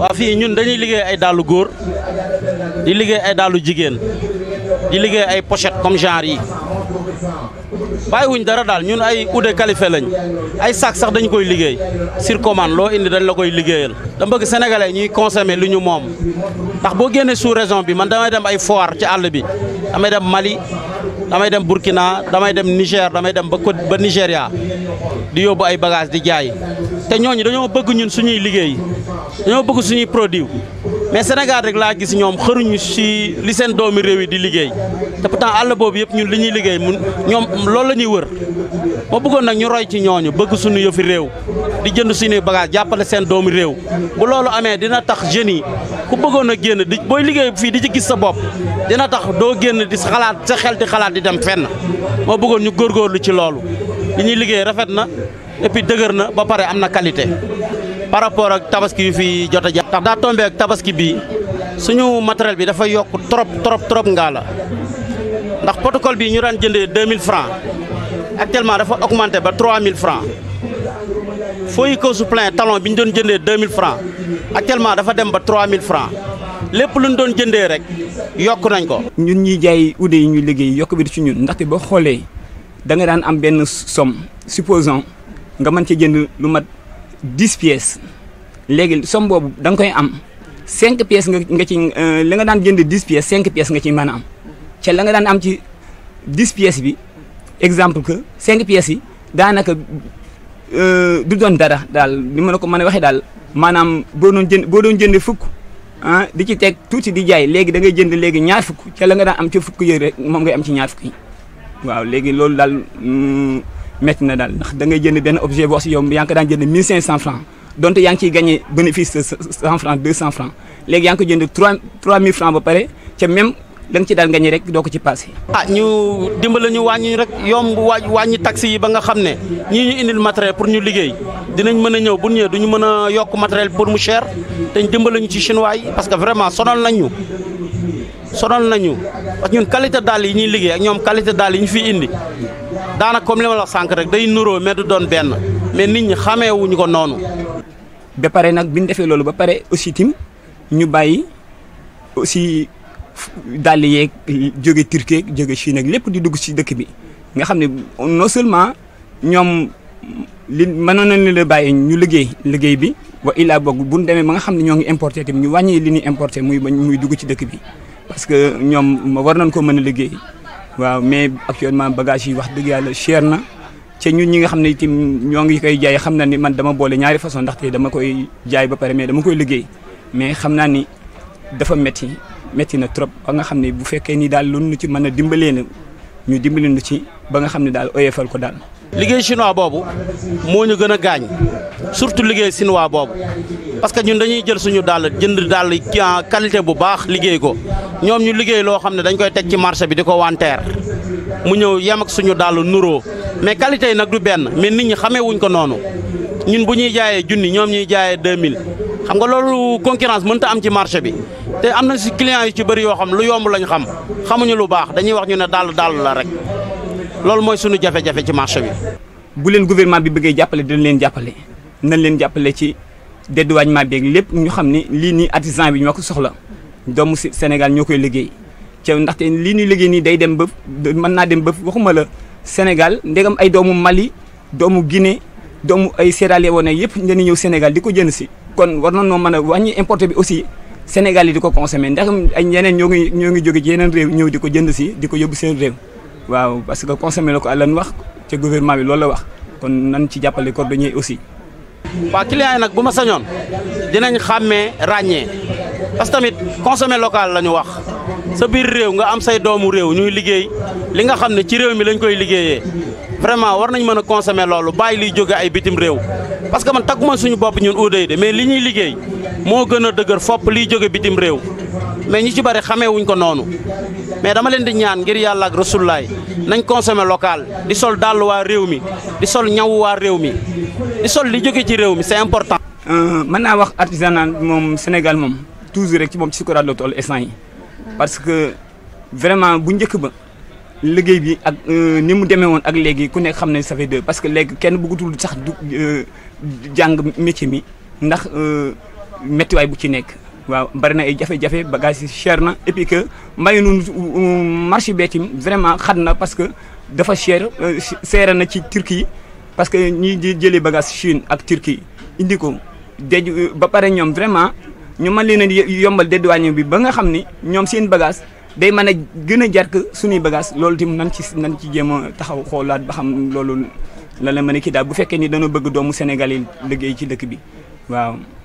waa fii ñun dañuy liggéey ay dàllu góor di liggéey ay dàllu jigéen di liggéey ay pochette comme genre yi bàyyiwuñ dara daal ñun ay ude qualifié lañ ay sac sax dañu koy liggéey sur commande loo indi dañ la koy liggéeyal. dama bëgg sénégalais ñuy consommer lu ñu moom ndax boo génnee sous raison bi man damay dem ay foire ci àll bi damay dem Mali. damay dem Burkina damay dem Niger damay dem ba Côte ba Nigéria di yóbbu ay bagages di jaay te ñooñu dañoo bëgg ñun suñuy liggéey dañoo bëgg suñuy produit mais Sénégal rek laa gis ñoom xëruñu ci li seen doomi réew yi di liggéey te pourtant àll boobu yëpp ñun li ñuy liggéey mun ñoom loolu la ñuy wër ma bëggoon nag ñu roy ci ñooñu bëgg suñu yëfi réew di jënd suñuy bagaa jàppale seen doomi réew bu loolu amee dina tax jeunes yi ku bëggoon a génn di booy liggéey fii di ci gis sa bopp dina tax doo génn di xalaat sa xel di xalaat di dem fenn moo bëggoon ñu góorgóorlu ci loolu li ñuy liggéey rafet na et dëgër na ba pare am na qualité par rapport ak tabaski yu fi jot a jàpp. tax daa tombé ak tabaski bi suñu matériel bi dafa yokk trop trop trop ngaa la ndax protocole bi ñu daan jëndee 2000 francs actuellement dafa augmenté ba 3000 francs fooy cause plein talon bi ñu doon jëndee 2000 francs actuellement dafa dem ba 3000 francs lépp lu ñu doon jëndee rek yokk nañ ko. ñun ñuy jaay ude yi ñu liggéey yokk bi ci ñun ndaxte boo xoolee da nga daan am benn somme supposons nga mën ci jënd lu mat. dix pièces léegi somme boobu da nga koy am cinq pièces nga nga ci euh, li nga daan jënd dix pièces cinq pièces nga ciy mën am ca la nga daan am ci dix bi exemple que cinq yi daanaka euh, du doon dara daal li ma la ko mën a waxee daal maanaam boo doon jënd boo doon jënd fukk ah di ci teg tuuti di jaay léegi dangay jënd léegi ñaar fukk ca la nga daan am ci fukk yooyu moom ngay am ci ñaar fukk yi waaw léegi loolu daal. Mm, métti na daal ndax dangay ngay jënd benn objet boo si yow yaa ngi ko daan jënd 1500 francs donte yaa ngi ciy gagné bénéfice 100 francs 200 francs léegi yaa ngi ko jënd 3 ba pare ca même danga nga ci daan gagné rek doo ko ci passé. ah ñu dimbale ñu wàññi rek yomb wàññi taxi yi ba nga xam ne ñii ñu indil matériel pour ñu liggéey dinañ mën a ñëw bu ñëwee duñu mën a yokk matériel pour mu cher te ñu dimbale ñu ci chinois parce que vraiment sonal nañu sonol sonal nañu parce ñun qualité daal yi ñuy liggéey ak ñoom qualité daal yi ñu fiy indi daanaka comme li ma la sànq rek day nuroo mais du doon benn mais nit ñi xamee ko noonu. ba pare nag bi ñu defee loolu ba pare aussi tim ñu bàyyi aussi dàll yeeg jóge Turquie jóge Chine ak lépp di dugg ci dëkk bi nga xam ne non seulement ñoom li mënoon nañu la bàyyi ñu liggéey liggéey bi. wa illaa boog bu ñu demee ba nga xam ne ñoo ngi importé tamit ñu wàññi li ñuy importé muy muy dugg ci dëkk bi parce que ñoom war nañ ko mën a liggéey. waaw mais actuellement bagage yi wax dëgg yàlla cher na te ñun ñi nga xam ne itam ñoo ngi koy jaay xam na ni man dama boole ñaari façon ndaxte dama koy jaay ba pare mais dama koy liggéey mais xam naa ni dafa métti métti na trop ba nga xam ne bu fekkee nii daal lu nu ci mën a dimbalee na ñu dimbali nu ci ba nga xam ne daal oyefal ko daal. liggéey chinois boobu moo ñu gën a gaañ surtout liggéey chinois boobu parce que ñun dañuy jël suñu dàll jënd dàll en qualité bu baax liggéey ko ñoom ñu liggéey loo xam ne dañ koy tej ci marché bi di ko wanteer mu ñëw yem ak suñu dàll nuroo mais qualité yi nag du benn mais nit ñi xamee wuñ ko noonu ñun bu ñuy jaayee junni ñoom ñuy jaayee 2000 xam nga loolu concurrence mënta am ci marché bi te am na si clients yu ci bëri yoo xam lu yomb lañ xam xamuñu lu baax dañuy wax ñu ne dàll dàll la rek. loolu mooy sunu jafe-jafe ci marché bi. bu leen gouvernement bi bëggee jàppale dinañ leen jàppale nañ leen jàppale ci dédouanement beeg lépp ñu xam ni lii nii artisan bi ñoo ko soxla doomu Sénégal ñoo koy liggéey ca ndaxte lii ñuy liggéey nii day dem ba mën naa dem ba waxuma la Sénégal ndegam ay doomu Mali doomu Guinée doomu ay Sierra ne yëpp dañuy ñëw Sénégal di ko jënd si. kon war na noo mën a wàññi importé bi aussi Sénégal yi di ko consommé ndax ay ñeneen ñoo ñoo ngi jóge ci réew ñëw di ko jënd si di ko yóbbu seen réew. waaw parce que consommé la ay àlan wax ca gouvernement bi loolu wax kon nan ci jàppale cordonnier aussi. waaw client yi nag bu ma sañoon dinañ xàmmee ràññee parce que tamit consommé local la ñu wax sa biir réew nga am say doomu réew ñuy liggéey li nga xam ne ci réew mi lañ koy liggéeyee vraiment war nañ mën a consommer loolu bàyyi liy jóge ay bitim réew. parce que man tagguma suñu bopp ñun uude yi de mais li ñuy liggéey moo gën a dëgër fopp liy jóge bitim réew. mais ñi ci bari xamee wuñ ko noonu mais dama leen di ñaan ngir yàlla ak rasulaay nañ consommer local di sol dàll waa réew mi di sol ñaw waa réew mi di sol li jóge ci réew mi c'est important. Euh, mën naa wax artisanat moom Sénégal moom toujours rek ci moom ci sukuraat la toll instant yi parce que vraiment bu njëkk ba. liggéey bi ak euh, ni mu demee woon ak léegi ku nekk xam ne ça parce que léegi kenn bëggatul sax du euh, jàng métier mi ndax méttiwaay bu ci nekk. waaw bari na ay jafe-jafe bagage yi cher na et puis que mayu nu marché beetim vraiment xat na parce que dafa cher euh, seere na ci Turquie parce que ñi di jëlee bagage Chine ak Turquie indi ko dej euh, ba pare ñoom vraiment ñu mën leen a yombal dédouane bi ba nga xam ni ñoom seen bagage day mën a gën a jar que suñuy bagage loolu tim nan ci nan ci jéem taxaw xoolaat ba xam loolu la la mën a kii daal bu fekkee ni dañoo bëgg doomu Sénégal yi liggéey ci dëkk bi waaw